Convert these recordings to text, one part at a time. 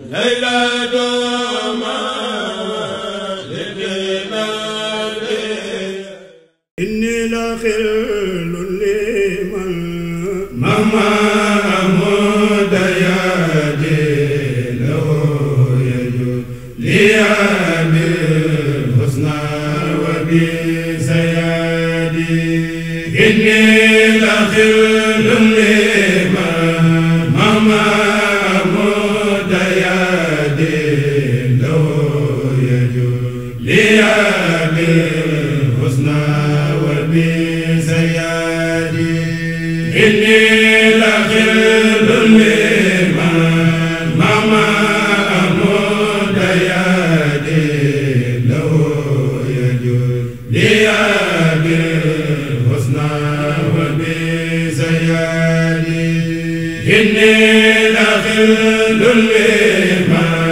inni la xel lu liman mama lul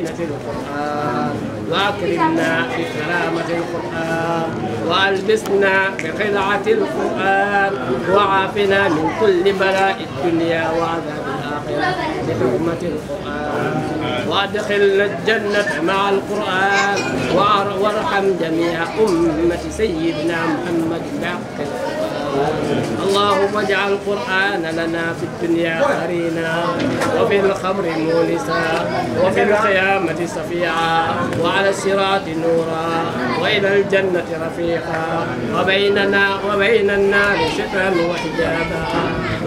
بزينة القرآن وأكرمنا بكرامة القرآن وألبسنا بخدعة القرآن وعافنا من كل بلاء الدنيا وعذاب الآخرة بحكمة القرآن وأدخلنا الجنة مع القرآن وارحم جميع أمة سيدنا محمد بعقل اللهم اجعل القرآن لنا في الدنيا قرينا وفي الخمر مونسا وفي القيامة صفيعا وعلى الصراط نورا وإلى الجنة رفيقا وبيننا وبين النار سترا وحجابا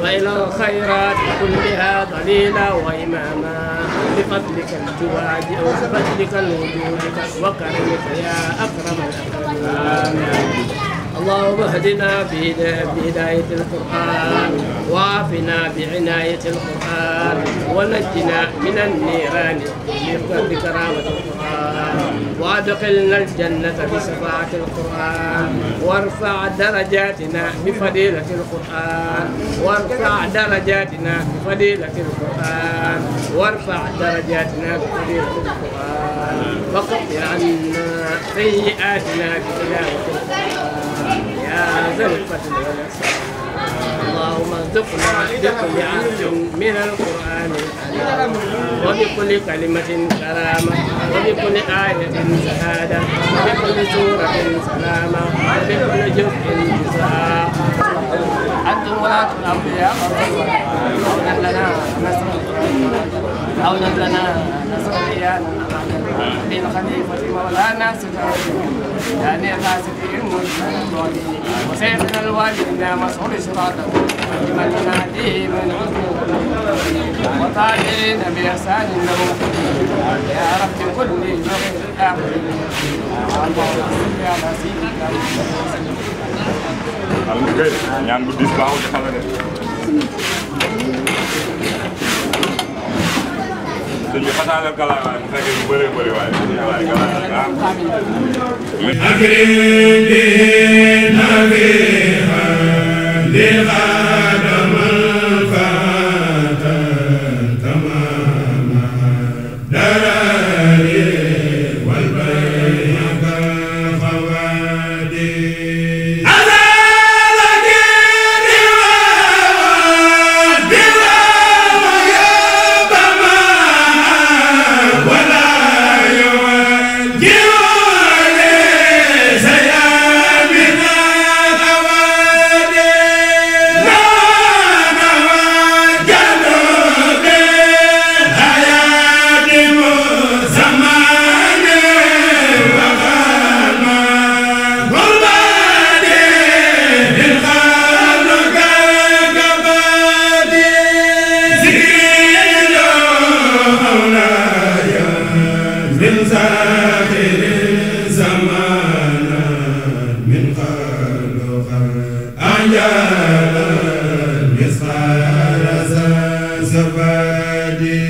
وإلى الخيرات كلها ضليلا وإماما بفضلك الجواد وبفضلك الوجود وكرمك يا أكرم الأكرمين اللهم اهدنا بهداية القرآن وعافنا بعناية القرآن ونجنا من النيران بكرامة القرآن وادخلنا الجنة بشفاعة القرآن وارفع درجاتنا بفضيلة القرآن وارفع درجاتنا بفضيلة القرآن وارفع درجاتنا بفضيلة القرآن وقف عنا سيئاتنا بتلاوة القرآن اللهم ارزقنا جميعا من القرآن وبكل كلمة كرامة وبكل آية سعادة وبكل سورة سلامة وبكل جزء جزاء أنتم ولاة الأنبياء فاغفر لنا نسأل عونت لنا نصريا من خليفة مولانا سجارة يعني قاسد المجد وسيدنا الوالدنا مسعود شراطه لمن يناديه من عذره وطالعين بإحسان له يا رب كل يوم آخر اللهم صل على سيدنا محمد. ñaan bu dis baaxul defal la de. sëñ bi xasaaral galaay waaye mu fekkee ñu bëree bëri waaye waaye galaay waaye ah. الزبادي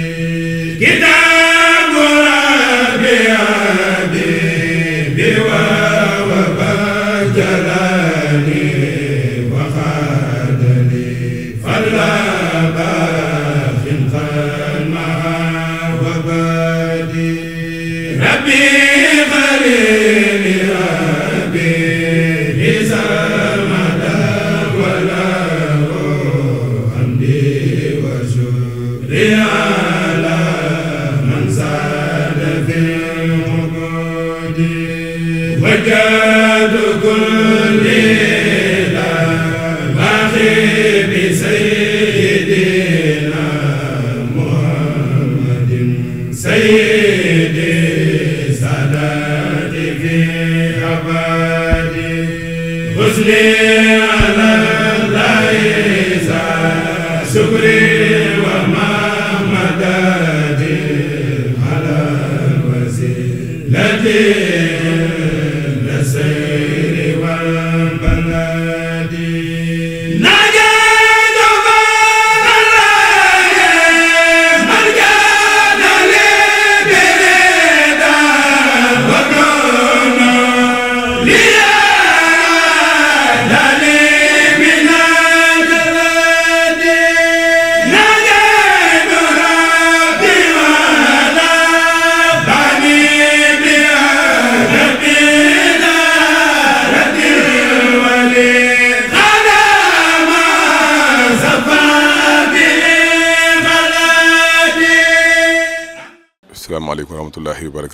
la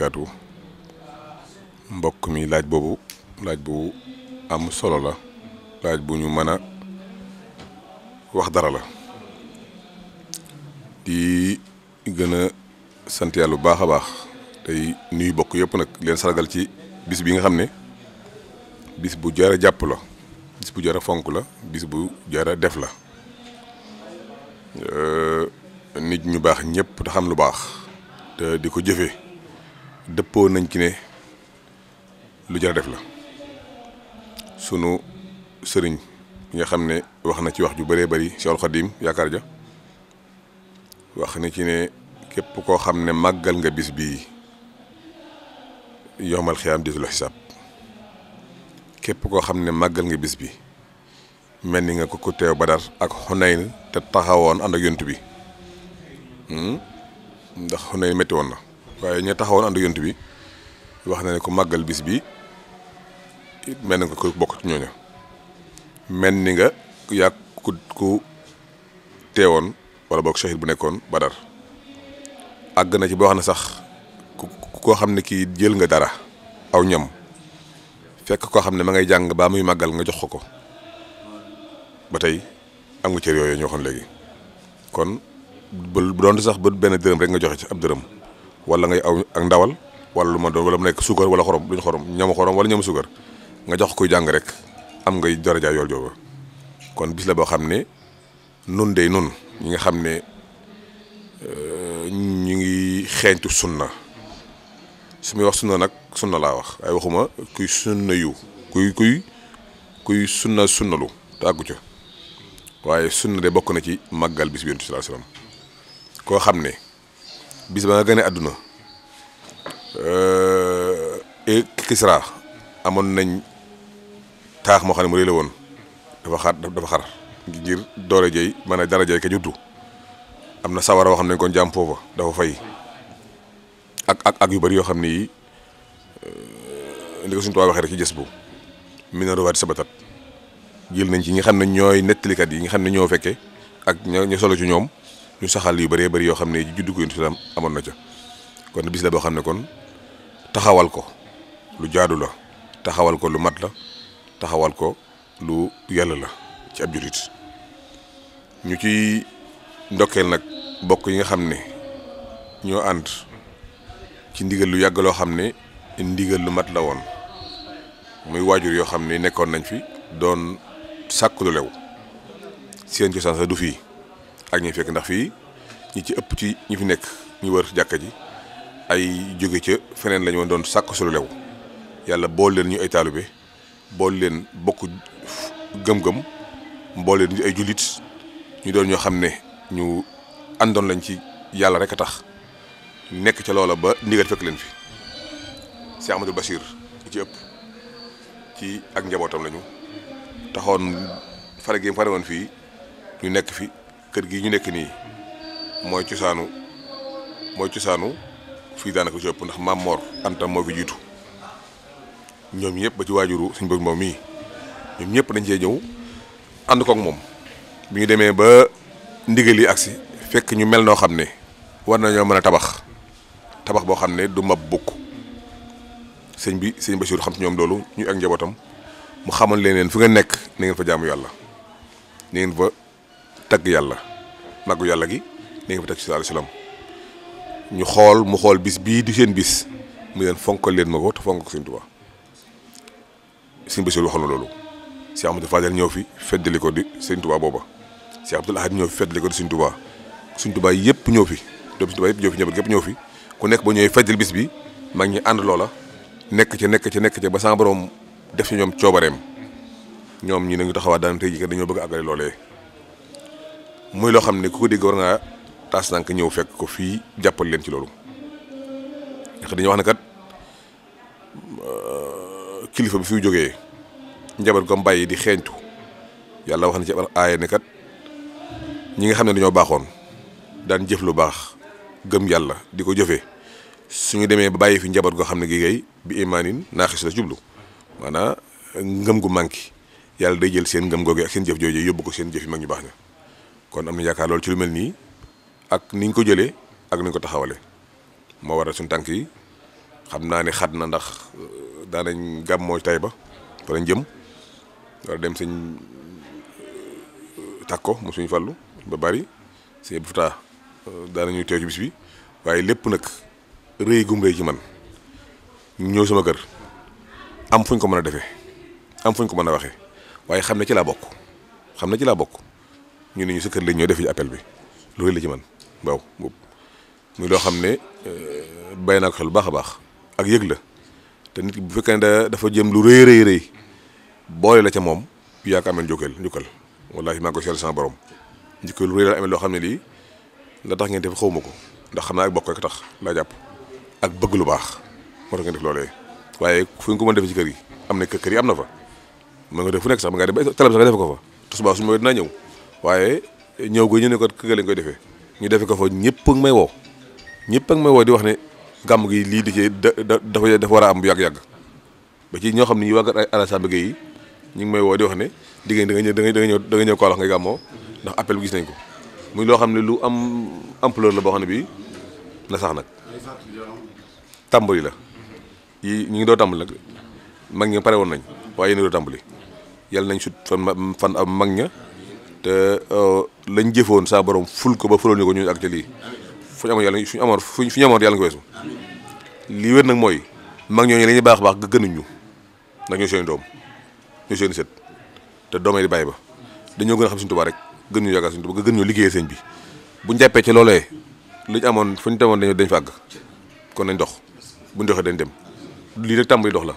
barakaatu mbokk mi laaj boobu laaj bu am solo la laaj bu ñu mën a wax dara la di gën a sant yàlla bu baax a baax tey nuyu bokk yëpp nag leen sargal ci bis bi nga xam ne bis bu jar a jàpp la bis bu jar fonk la bis bu jar def la nit ñu baax ñëpp te xam lu baax te di ko jëfe dëppoo nañ ci ne lu jar def la sunu sëriñ bi nga xam ne wax na ci wax ju bëree bari Seexul Xadiim yaakaar ja wax na ci ne képp koo xam ne màggal nga bis bii yomal xiyaam diisul xisaab képp koo xam ne màggal nga bis bi mel ni nga ko ko teew Badar ak Xunayn te taxawoon ànd ak yontu bi hmm? ndax Xunayn metti woon na waaye ña taxawoon ànd yont bi wax na ne ko màggal bis bi mel na nga ko bokk ci mel ni nga yàgg ku ku teewoon walla boog shahid bu nekkoon ba badar àgg na ci boo xam ne sax ku koo xam ne kii jël nga dara aw ñam fekk koo xam ne ma ngay jàng baa muy màggal nga jox ko ko ba tey am nga cër yooyu ñu waxoon léegi kon bu doon sax ba benn dërëm rek nga joxe ci ab dërëm wala ngay aw ak ndawal wala lu ma doon wala mu nekk suukar wala xorom duñ xorom ñamu xorom wala ñamu suukar nga jox kuy jàng rek am ngay daraja yool jooba kon bis la boo xam ne nun de nun ñu nga xam ne euh, ñu ngi xeeñtu sunna su muy wax sunna nag sunna laa wax ay waxuma kuy sunna yu kuy kuy kuy sunna sunnalu te àggu ca waaye sunna de bokk na ci màggal bis bi yonent sallallahu alayhi wasallam koo xam ne bis ba nga gën a àdduna euh, Kisra amoon nañ taax moo xam ne mu réy la woon dafa xar dafa xar ngir doole jëy maanaam dara jëy ka juddu am na sawara woo xam ne kon jàmm foofa dafa fay ak ak ak yu bari yoo xam ne yi euh, li ko suñu tubaab waxee rek ci jës bu mi na ruwaati sabatat jël nañ ci ñi xam ne ñooy nettalikat yi ñi xam ne ñoo fekke ak ña solo ci ñoom ñu saxal yu bëree bëri yoo xam ne juddu ko yonent bi amoon na ca kon bis la boo xam ne kon taxawal ko lu jaadu la taxawal ko lu mat la taxawal ko lu yàlla la ci ab jurit ñu ci ndokkeel nag bokk yi nga xam ne ñoo ànd ci ndigal lu yàgg loo xam ne ndigal lu mat la woon muy waajur yoo xam ne nekkoon nañ fi doon sàkk lu lew seen cosaan sax du fii ak ñi fekk ndax fii ñi ci ëpp ci ñu fi nekk ñu wër jàkka ji ay jóge ca feneen la ñu doon sàkk sulu lew yàlla bool leen ñu ay taalibe bool leen bokk gëm-gëm bool leen ñu ay jullit ñu doon ñoo xam ne ñu àndoon lañ ci yàlla rek a tax nekk ca loola ba ndigal fekk leen fi si Amadou ci ëpp ci ak njabootam lañu taxoon fare fii ñu nekk fi kër gi ñu nekk nii mooy cosaanu mooy cosaanu fii daanaka ci ëpp ndax maam Mor Anta moo fi jiitu ñoom ñëpp a ci waajuru suñ bëgg moom mii ñoom ñëpp dañ cee ñëw ànd kook moom bi ñu demee ba ndigal yi agsi fekk ñu mel noo xam ne war nañoo mën a tabax tabax boo xam ne du mab bukk sëñ bi sëñ Bachir xam ci ñoom loolu ñu ak njabootam mu xamal leen leen fi nga nekk na ngeen fa jaamu yàlla na fa tagg yàlla màggu yàlla gi ni nga fi teg ci alayhi salaam ñu xool mu xool bis bii di seen bis mu leen fonkal leen ma ko te fonk ko Sëñ Tuubaa Sëñ Basiru waxoon na loolu Cheikh Amadou ñëw fi feddali ko di Sëñ booba Cheikh Abdoul Ahad ñëw fi feddali ko di Sëñ Tuubaa Sëñ yëpp ñëw fi doomu Sëñ Tuubaa yëpp ñëw ñëpp ñëw fi ku nekk ba ñëwee feddali bis bi mag ñi ànd loola nekk ci nekk ci nekk ci ba sama borom def ci ñoom coobareem ñoom ñi nañu taxawaat daan tey jii dañoo bëgg a àggale muy loo xam ne ku ko dégg war naa taas nank ñëw fekk ko fii jàppal leen ci loolu ndax dañuy wax ne kat euh, kilifa bi fi jógee njaboot ko mbàyyi di xeeñtu yàlla wax na ci aaya ne kat ñi nga xam ne dañoo baaxoon daan jëf lu baax gëm yàlla di ko jëfe su suñu demee ba bàyyi fi njaboot goo xam ne gi gay bi imaanin naaxis la jublu maanaa ngëm gu manqué yàlla day jël seen ngëm googu ak seen jëf jooju yóbbu ko seen jëf yi mag ñu baax ña kon am na yaakaar loolu ci lu mel nii ak niñ ko jëlee ak niñ ko taxawale moo waral suñ tànk yi xam naa ni xat na ndax euh, daanañ gàmmoo tay ba fa lañ jëm war dem sëñ euh, takko mu suñu fàllu ba bari sëñ bu fataa euh, daanañu teew ci bis bi waaye lépp nag rëy gum rëy ci man ñëw sama kër am fuñ ko mën a defee am fuñ ko mën a waxee waaye xam ne ci laa bokk xam ne ci laa bokk ñu ne ñu sa kër lañ ñoo def ci appel bi loolu la ci man waaw boobu muy loo xam ne euh, bàyyi naa ko xel lu baax a baax ak yëg la te nit ki bu fekkee ne dafa jëm lu rëy rëy rëy boole la ca moom yaa ko amel njukkal njukkal wallaahi maa ngi koy seetlu sama borom njukkal lu rëy loo xam ne lii la tax ngeen def xawma ko ndax xam naa tax laa jàpp ak bëgg lu baax moo tax ngeen def loolee waaye fu ñu ko mën defee ci kër yi am na kër yi am na fa mën nga def fu nekk sax mën ngaa def ba tala sax a def ko fa te subaa suñu mooy dinaa ñëw waaye ñëw gu ñu ne ko kër lañ koy defee ñu defe ko fa ñëpp ak may woo ñëpp ak may woo di wax ne gàmm gi lii di ci dafa dafa war a am bu yàgg ba ci ñoo xam ne ñu wàgg Alassane ñu ngi may woo di wax ne diggéen danga nga ñëw da nga ñëw da nga ñëw Kaolack ngay gàmmoo ndax appel bi gis nañ ko muy loo xam ne lu am ampleur la boo xam ne bii na sax nag tàmbali la ñu ngi doo tàmbali mag ña pare woon nañ waaye yéen doo tàmbali yàlla nañ sut fan fan am mag ña te euh, lañ jëfoon saa borom ful ko ba fuloon ñu ko ñu ak ca lii fu ñu amoon yàlla suñu amoon fu ñu amoon yàlla nga weesu lii wér nag mooy mag ñoo la ñuy baax baax gënuñ ñu ndax ñoo seen doom ñoo seen sët te doomee di bàyyi ba dañoo gën a xam suñu Tuubaa rek gën ñu yaakaar suñu Tuubaa gën ñu liggéeyee sëñ bi buñ jàppee ci loolee li amoon fu ñu demoon dañu dañ fàgg àgg kon nañ dox buñ doxee dañ dem lii rek tàmbali dox la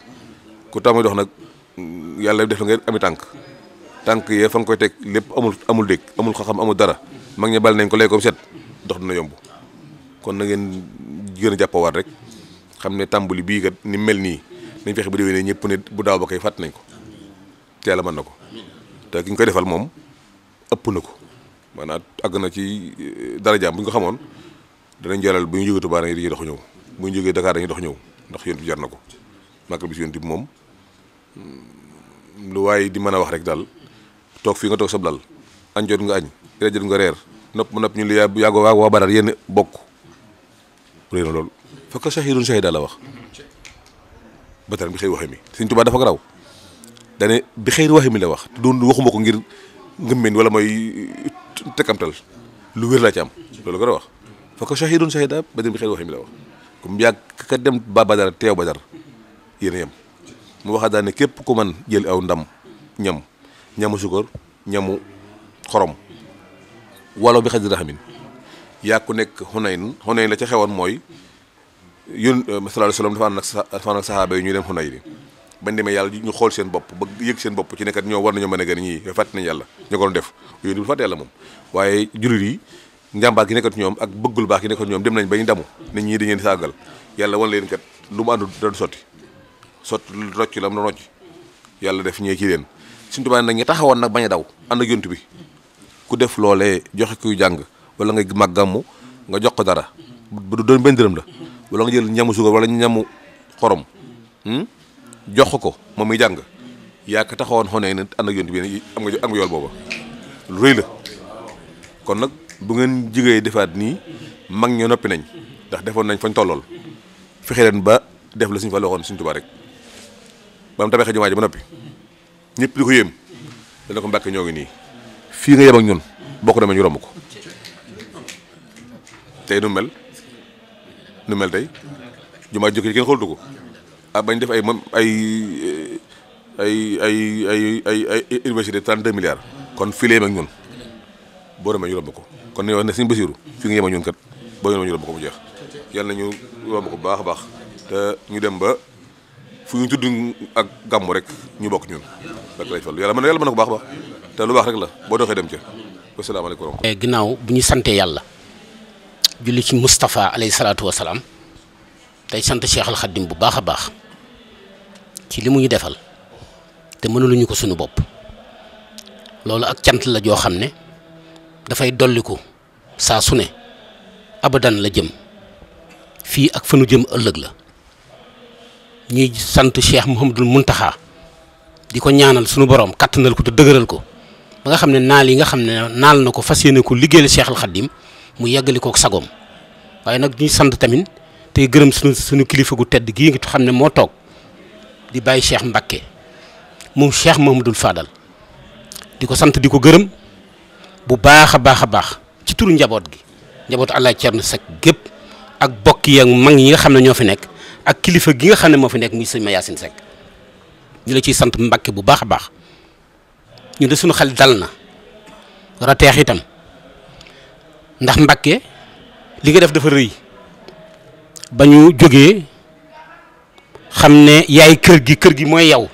ku tàmbali dox nag yàlla def la nga ami tànk tànk yee fa nga koy teg lépp amul amul dégg amul xam-xam amul dara mag ñi bal nañ ko léegi comme set dox dina yomb kon na ngeen gën a jàppawaat rek xam ne tàmbali bii kat ni mel nii nañ fexe ba déwénee ñëpp ne bu daaw ba koy fàtt nañ ko te yàlla mën na ko te ki koy defal moom ëpp na ko maanaam àgg na ci eh, darajaam bu ñu ko xamoon danañ jalal bu ñu jógee Tuubaa dañuy dox ñëw bu ñu jógee Dakar dañuy dox ñëw ndax yoon bi jar na ko màggal bi si yoon bi moom mm, lu waaye di mën a wax rek daal toog fii nga toog sab lal añ jot nga añ reer nopp ma nopp ñu li yàggoo waa waa badar yéen bokk réer na loolu fekk shahidun shahida la wax bataan bi dafa raw dane bi xëy waxe mi la wax te doon waxuma ko ngir ngëmmeen wala mooy tekkamtal lu wér laa ci am loolu ko la wax fekk shahidun shahida bataan bi xëy waxe mi la wax comme yàgg ka dem ba badar teew badar yéen a yem mu waxaa daane képp ko man jël aw ndam ñam ñamu sukar ñamu xorom walaw bi xaj raxamin yaa ku nekk xunayn xunayn la ca xewoon mooy yón euh, sallallahu alayhi wasallam dafa ànd ak dafa ànd ak saxaaba yi ñu dem xunayn yi bañ demee yàlla ñu xool seen bopp ba yëg seen bopp ci nekkat ñoo war nañoo mën a gën ñii fàtte nañ yàlla ñoo ko doon def yooyu dul moom waaye jullit yi njàmbaar gi nekkat ñoom ak bëggul baax gi nekkat ñoom dem nañ ba ñu damu nit ñi dañu leen saagal yàlla wan leen kat lu mu àndul dana sotti sotti rocc la mu rocc yàlla def ñee kii leen suñ tubaab nag ñi taxawoon nag bañ a daw ànd ak yontu bi ku def loole joxe kuy jàng wala nga màggamu nga jox ko dara bu doon benn dërëm la wala nga jël ñamu suukar wala ñamu xorom hmm, jox ko moom muy jàng yaa ko taxawoon xonee ne ànd ak yontu bi am nga am yool booba lu rëy la kon nag bu ngeen jigéey defaat nii mag ñoo noppi nañ ndax defoon nañ fañ tollool fexe leen ba def la suñ fa waxoon suñ tubaab rek ba mu tabaxee jumaa ba noppi ñépp di ko yéem dana ko mbàkke ñoo ngi nii fii nga yem ak ñun bokk demee ñu romb ko tey nu mel nu mel tey jumaa jëkk ji kenn xoolatu ko ah bañ def ay moom eh, ay ay ay ay ay ay université trente deux milliards kon fii la yem ñun boo demee ñu romb ko kon ne wax ne suñu basiru fii nga yem ñun kat boo demee ñu romb ko bu jeex yàlla nañu romb ko bu baax a baax te ñu dem ba fu ñu tudd ak gàmmu rek ñu bokk ñun rek lay fal yàlla mën yàlla mën na ko baax baax te lu baax rek la boo doxee dem ca wasalaamaaleykum eh, ginnaaw bu ñu santee yàlla julli ci Moustapha alayhi salaatu wasalaam tey sant Cheikh Al bu baax a baax ci li mu ñu defal te ñu ko suñu bopp loolu ak cant la joo xam ne dafay dolliku saa su ne abadan la jëm fii ak fanu jëm ëllëg la ñuy sant Cheikh Mouhamadul Muntaxa di ko ñaanal sunu borom kattanal ko te dëgëral ko ba nga xam ne naal yi nga xam ne naal na ko fas yéene ko liggéeyal Cheikh al Xaddim mu yàggali ko sagoom waaye nag ñuy sant tamit tey gërëm suñu suñu kilifa gu tedd gii nga xam ne moo toog di bàyyi Cheikh Mbacké moom Cheikh Mouhamadul Fadal di ko sant di ko gërëm bu baax a baax a baax ci turu njaboot gi njabootu àllaa Cerno Seck gépp ak bokk yi mag yi nga xam ne ñoo fi nekk ak kilifa gi nga xam ne moo fi nekk muy sëñ Mayacine Seck ñu la ciy sant mbakke bu baax a baax ñu de suñu xel dal na rateex itam ndax Mbàkke li nga def dafa rëy ba ñu jógee xam ne yaay kër gi kër gi mooy yow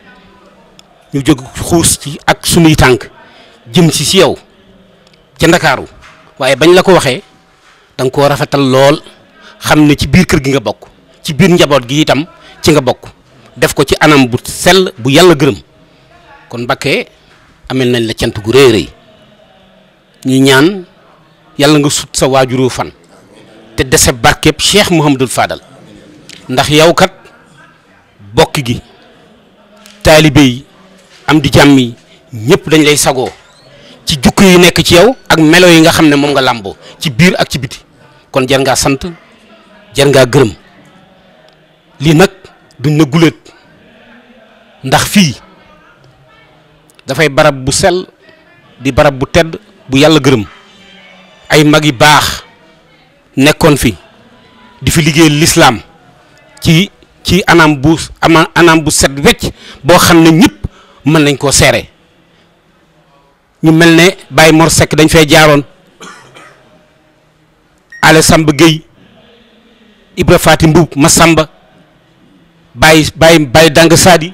ñu jóg xuus ci ak sunuy tànk jëm si si yow ca Ndakaaru waaye bañ la ko waxee da ko rafetal lool xam ne ci biir kër gi nga bokk ci biir njaboot gi itam ci nga bokk def ko ci anam bu sell bu yàlla gërëm kon Mbàkke amel nañ la cant gu rëy rëy ñu ñaan yàlla nga sut sa waajuru fan te dese barkeb Cheikh Mouhamadul faadal ndax yow kat bokk gi taalibe yi am di jàmm yi ñëpp dañ lay sagoo ci jukk yi nekk ci yow ak melo yi nga xam ne moom nga làmboo ci biir ak ci biti kon jar ngaa sant jar ngaa gërëm lii nag duñ na guléet ndax fii dafay barab bu sell di barab bu tedd bu yàlla gërëm ay mag yi baax nekkoon fi di fi liggéey lislaam ci ci anam bu ama anam bu set wecc boo xam ne ñépp mën nañ koo seere ñu mel ne Baye Mor Seck dañ fay jaaroon Ale Samb Guèye Ibra Faati ma Masamba bàyyi bàyyi bàyyi dàng saadi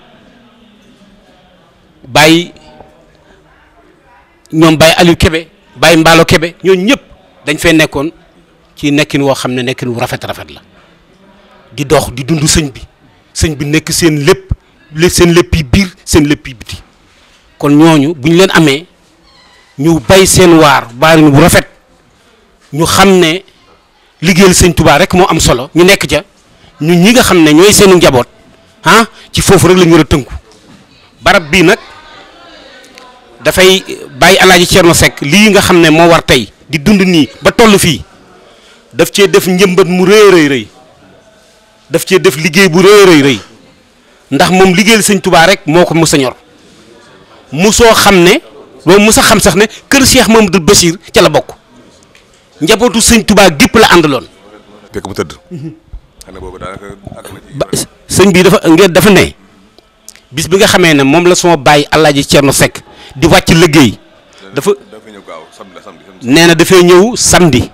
bàyyi ñoom bàyyi Aliou kebe bàyyi Mbaalo kebe ñooñu ñëpp dañ fee nekkoon ci nekkin woo xam ne nekkin wu rafet rafet la di dox di dund sëñ bi sëñ bi nekk seen lépp seen lépp yi biir seen lépp yi biti kon ñooñu bu ñu leen amee ñu bay seen waar baarin bu rafet ñu xam ne liggéeyal sëñ Tuubaa rek moo am solo ñu nekk ca ñu ñi nga xam ne ñooy seenu njaboot ah ci foofu rek la ñu war a tënku barab bii nag dafay bàyyi alaaji Thierno Seck lii nga xam ne moo war tey di dund nii ba toll fii daf cee def njëmbat mu rëy rëy rëy daf cee def liggéey bu rëy rëy rëy ndax moom liggéeyal sëñ tubaa rek moo ko mos a ñor soo xam ne loolu mos a xam sax ne kër Cheikh Mamadou Bachir ca la bokk njabootu sëñ tubaa gépp la àndaloon. fekk tëdd. Mhm. ba sëñ bi dafa ngeen dafa ne bis bi nga xamee ne moom la suma bàyyi Alaaji Cerno Seck di wàcc liggéey dafa nee na dafay ñëw samedi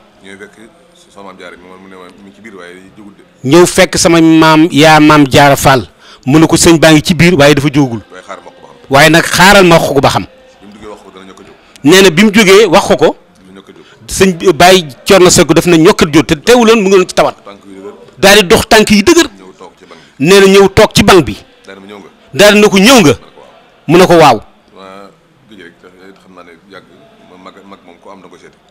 ñëw fekk sama maam yaa maam jaara Fall mu ne ko sëñ baa ngi ci biir waaye dafa jógul waaye nag xaaral ma wax ko ba xam nee na bi mu jógee wax ko ko sëñ bàyyi Cerno Seck daf na ñokkat jóg te teewuloon mu ngi doon ci tawat daal dox tànk yi dëgër nee na ñëw toog ci banc bi daal di na ko ñëw nga mu ne ko waaw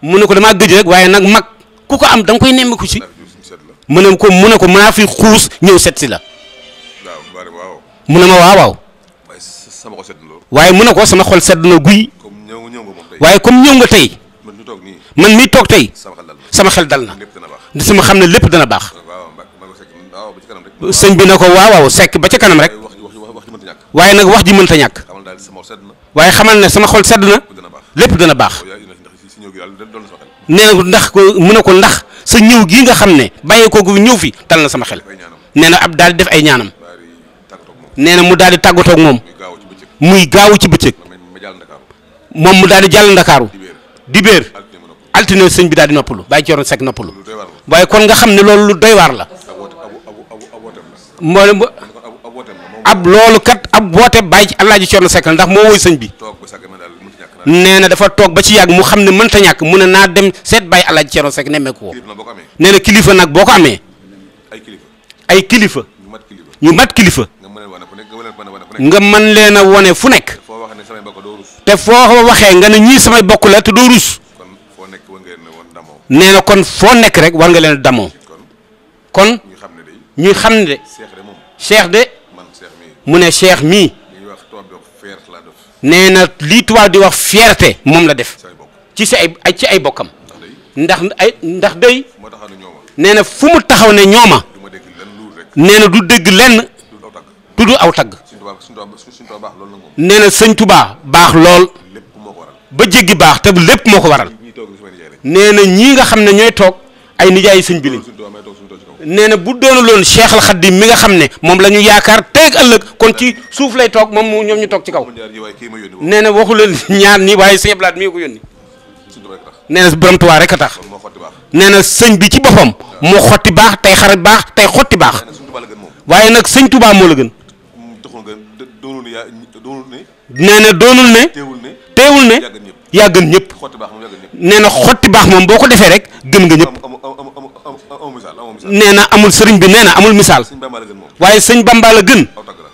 mu ne ko damaa gëj rek waaye nag mag ku ko am da nga koy nemmiku si mu ne ko mu ne ko maa fi xuus ñëw set si la mu ne ma waaw waaw waaye mun ne ko sama xol sedd na guy waaye comme ñëw nga tey man mi toog tey sama xel dal na sama xam ne lépp dana baax sëñ bi ne ko waaw waaw sekk ba ca kanam rek waaye nag wax ji mënta ñàkk waaye xamal ne sama xol sedd na lépp dana baax nee na ko mu ne ko sa ñëw gii nga xam ne bàyyi ko gu ñëw fi dal na sama xel nee na ab daal di def ay ñaanam nee na mu daal di tàggatoog moom muy gaawu ci bëccëg moom mu daal di jàll ndakaaru dibéer altine sëñ bi daal di noppalu bàyyi ci yoroon sekk noppalu waaye kon nga xam ne loolu lu doy la mboolem ba ab loolu kat ab woote bàyyi ci Alaaji Cerno Seck ndax moo woy sëñ bi nee na dafa toog ba ci yàgg mu xam ne mën mënta ñàkk mu ne naa dem seet bàyyi Alaaji Cerno Seck nemmeeku ko nee na kilifa nag boo ko amee ay kilifa ñu mat kilifa nga mën leen wone fu nekk te foo waxee nga ne ñii samay bokk la te doo rus na kon foo nekk rek war nga leen a damoo kon ñu xam ne cheikh de mu ne cheikh mii nee na lii tubaab di wax fierté moom la def ci si ay ci ay bokkam ndax ay ndax day nee na fu mu taxaw ne ñooma nee na du dégg lenn tudd aw tagg nee na sëñ tubaa baax lool ba jéggi baax te lépp moo ko waral nee na ñii nga xam ne ñooy toog ay nijaay sëñ bi lañ nee na bu doonuloon Cheikh Al di mi nga xam ne moom la ñu yaakaar teeg ëllëg kon ci suuf lay toog moom ñoom ñu toog ci kaw nee na waxu leen ñaar nii waaye sëñ Ablaat mi ko yónni nee na borom rek a tax nee na sëñ bi ci boppam moo xotti baax tey xarit baax tey xotti baax waaye nag sëñ Tuubaa moo la gën nee na doonul ne teewul ne teewul ne yaa gën ñëpp nee na xotti baax moom boo ko defee rek gën nga ñëpp nee na amul sëriñ bi nee na amul misaal waaye sëñ Bamba la gën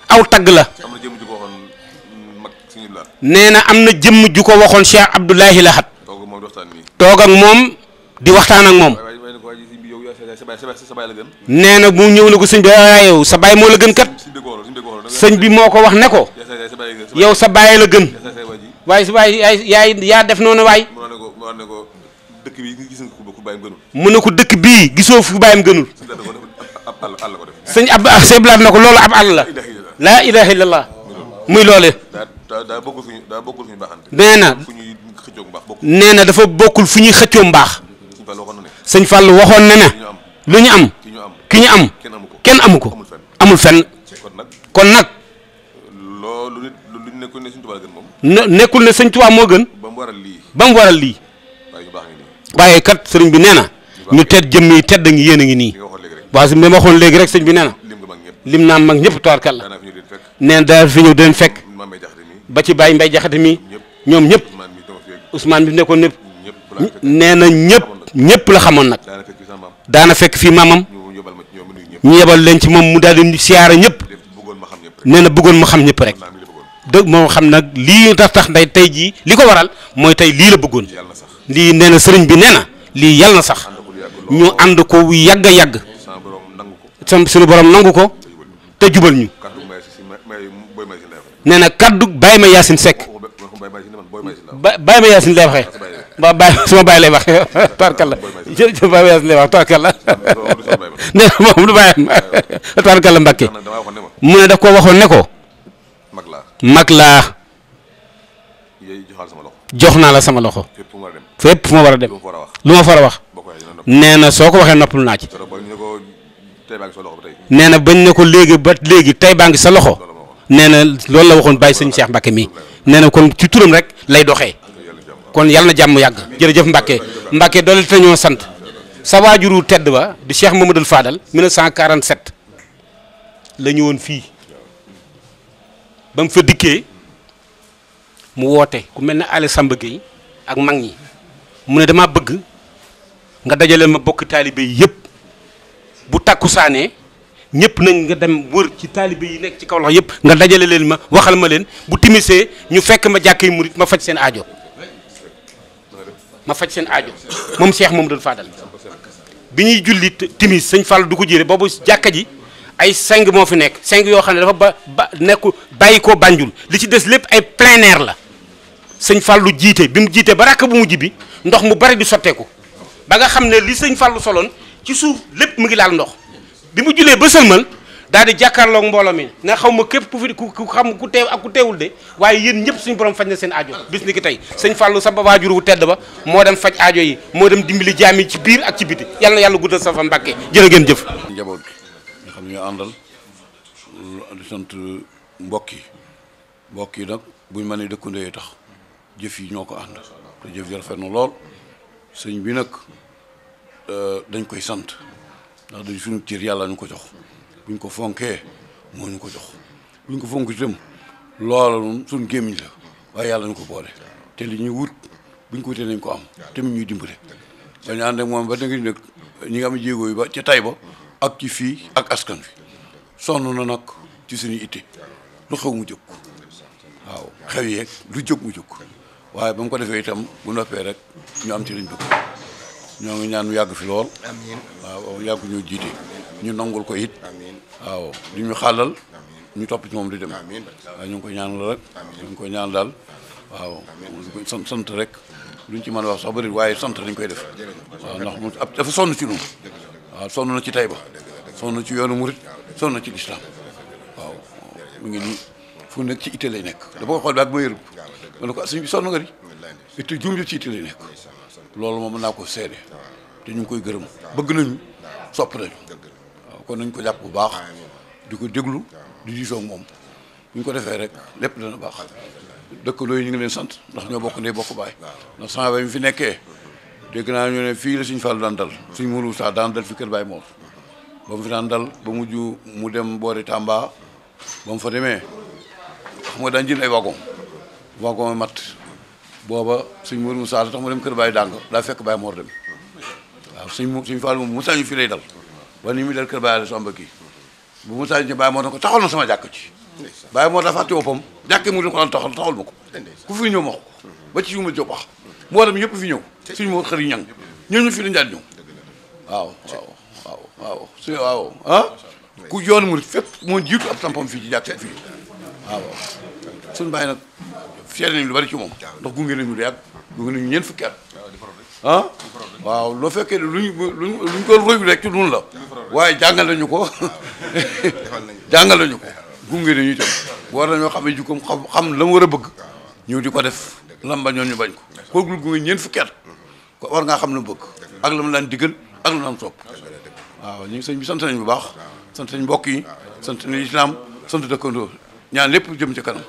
aw tagg la mm, nee na am na jëmm ju ko waxoon Cheikh la Lahat toog ak moom di waxtaan ak moom nee na mu ñëw na ko sëñ bi waaye ah, ah, yow sa baay moo la gën kat sëñ bi moo ko wax ne ko yow sa baay la gën waaye su waay yaay yaa def noonu waay. mu ne ko dëkk bii gis nga ku bàyyam mu ne ko dëkk bii gisoo fu bàyyam gënul. sëñ ab sëñ Blaat ah, na ko loolu ab àll la. laa ilaha illallah muy loole daa daa bokkul fu ñuy daa bokkul fu ñuy na fu ñuy xëccoo mbaax bokkul. nee na dafa bokkul fu ñuy xëccoo mbaax. sëñ Fall waxoon na ne. lu ñu am ki ñu am kenn amu ko amul fenn kon nag. loolu nit lu nit ne ko ne nekkul ne sëñ Tuubaa moo gën. ba mu waral lii ba mu waral lii. waaye kat sëriñ bi nee na. ñu tedd jëmm yi tedd ngi yéen a ngi nii. waa si ma waxoon léegi rek sëñ bi nee na. lim naa mag ñëpp toorkal la. nee na fi ñëw dinañ fekk. ba ci Baye Mbaye Jaxate mi ñoom ñëpp. Ousmane bi nekkoon ñëpp. nee na ñëpp ñëpp la xamoon nag. daana fekk fii maamam. ñu yebal leen ci moom mu daal di siyaara ñëpp. nee na bëggoon ma xam ñëpp rek. dëgg moo xam nag lii tax tax nday tey jii li ko waral mooy tey lii la bëggoon lii nee na sëriñ bi nee na lii yàlla na sax ñu ànd ko yàgg a yàgg sam suñu borom nangu ko te jubal ñu nee na kaddu bàyyi ma yaasin sekk ba bàyyi ma yaasin lay waxee ba bàyyi suma bàyyi lay waxee tarkalla jërëjëf bàyyi ma yaasin lay wax tarkalla nee na moom du bàyyi tarkalla Mbàkke mu ne daf ko waxoon ne ko mag laa jox naa la sama loxo fépp fu ma war a dem lu ma far a wax nee na soo ko waxee noppal naa ci nee na bañ ne ko léegi ba léegi tey baa ngi sa loxo nee na loolu la waxoon bàyyi sañ Cheikh Mbacke mii nee na kon ci turam rek lay doxee kon yàlla na jàmm yàgg jërëjëf Mbacke Mbacke doole te ñoo sant sa waajuru tedd ba di Cheikh Mamadou Fadal 1947 la ñëwoon fii. ba mu fa dikkee mu woote ku mel ne Aliou Samba Gueye ak mag ñi mu ne dama bëgg nga dajale ma bokk taalibe yi yëpp bu takkusaanee ñëpp nañ nga dem wër ci taalibe yi nekk ci kaw Kaolack yëpp nga dajale leen ma waxal ma leen bu timisee ñu fekk ma jàkk yi murit ma faj seen aajo ma faj seen aajo moom Cheikh moom doon faadal bi ñuy julli timis sëñ Fall du ko jëlee boobu jàkka ji ay seng moo fi nekk seng yoo xam ne dafa ba ba nekku bàyyi koo li ci des lépp ay plein la sëñ Fallou jiite bi mu jiite ba rakk bu mujj bi ndox mu bari di sotteeku ba nga xam ne li sëñ Fallou soloon ci suuf lépp mu ngi laal ndox bi mu julee ba sëlmal daal di jàkkaarloog mbooloo mi na xaw ma képp ku fi ku xam ku teew ak ku teewul de waaye yéen ñëpp suñu borom faj na seen aajo bis ni ki tey sëñ Fallou sa waajur wu tedd ba moo dem faj aajo yi moo dem dimbali jaam yi ci biir ak ci biti yàlla na yàlla guddal sa fan Mbàkke jërë ngeen jëf. njaboot bi ñu àndal di sant mbokk yi mbokk yi nag buñ mënee dëkkandoo tax jëf yi ñoo ko ànd te jëf yi rafet na lool sëñ bi nag e, dañ koy sant ndax dañ suñu cër yàlla ñu ko jox buñ ko fonkee moo ñu ko jox ñu ko fonk itam loolu suñu gémmiñ la waaye yàlla ñu ko boole te li ñuy wut buñ ko wutee nañ ko am tamit ñuy dimbale dañu ànd moom ba da nga nag ñi nga am jéego yi ba ca tay ba ak ci fii ak askan wi sonn na nag ci suñu itte lu xew mu jóg waaw xew yeeg lu jóg mu jóg waaye ba mu ko defee itam bu noppee rek ñu am ci liñ bëgg ñoo ngi ñaan yàgg fi lool waaw yàgg ñu jiite ñu nangul ko it waaw di ñu xàllal ñu topp ci moom lu dem waaw ñu ngi koy ñaan la rek ñu ngi koy ñaan daal waaw sant sant rek luñ ci mën a wax sax bëri waaye sant dañ koy def waaw ndax mu dafa sonn ci ñun waaw sonn na ci Taïba sonn na ci yoonu murit sonn na ci lislaam waaw mu ngi nii fu nekk ci itte lay nekk dafa ko xool baag ma yërëb ma ne ko sëñ bi sonn nga di itte jum ci itte lay nekk loolu moom mën naa koo seede te ñu ngi koy gërëm bëgg nañu sopp nañu kon nañ ko jàpp bu baax di ko déglu di diisoo moom bu ñu ko defee rek lépp dana baax dëkk looyu ñu ngi leen sant ndax ñoo bokk ndey bokk baay ndax sama baay mi fi nekkee dégg naa ñu ne fii la suñ Fallu daan dal suñ mulu sax daan dal fi kër Baay Moor ba mu fi daan dal ba mujj mu dem boori Tamba ba mu fa demee xam nga daan jël ay wagon wagon mat booba suñ mulu sax tax mu dem kër Baay dàng daa fekk Baay Moor dem waaw suñ suñ Fallu moom musaa ñu fii lay dal ba ni muy dal kër Baay la somba kii bu musaa ñu ci Baay Moor na ko taxal na sama jàkk ci bàyyi moo dafa fàtte boppam jàkkee mu dina ko daan taxal taxal ma ko ku fi ñëw ma ko ba ci yu ma jóg moo dem ñëpp fi ñëw suñu moo xëri ñang ñooñu fi dañu daan ñëw waaw waaw waaw waaw su waaw ah moo jiitu ab tampam fii ci jàkkee fii waaw suñu bàyyi nag seet nañu lu bari ci moom ndax gunge nañu lu yàgg gunge nañu ñeent fukki at ah waaw loo fekkee luñ luñ luñ ko royu rek ci dun la waaye jàngal nañu ko jàngal nañu ko gunge nañu itam war nañoo xam ne jikkoom xam xam la war a bëgg ñëw di ko def lam ba ñoon ñu bañ ko kooku lu gunge ñeent fukki ko war ngaa xam la mu bëgg ak la mu daan diggal ak la mu daan waaw ñu ngi sëñ bi sant bu baax sant nañ mbokk yi sant nañ islam sant dëkkandoo ñaan lépp jëm ca kanam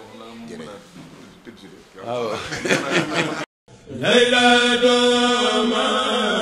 waaw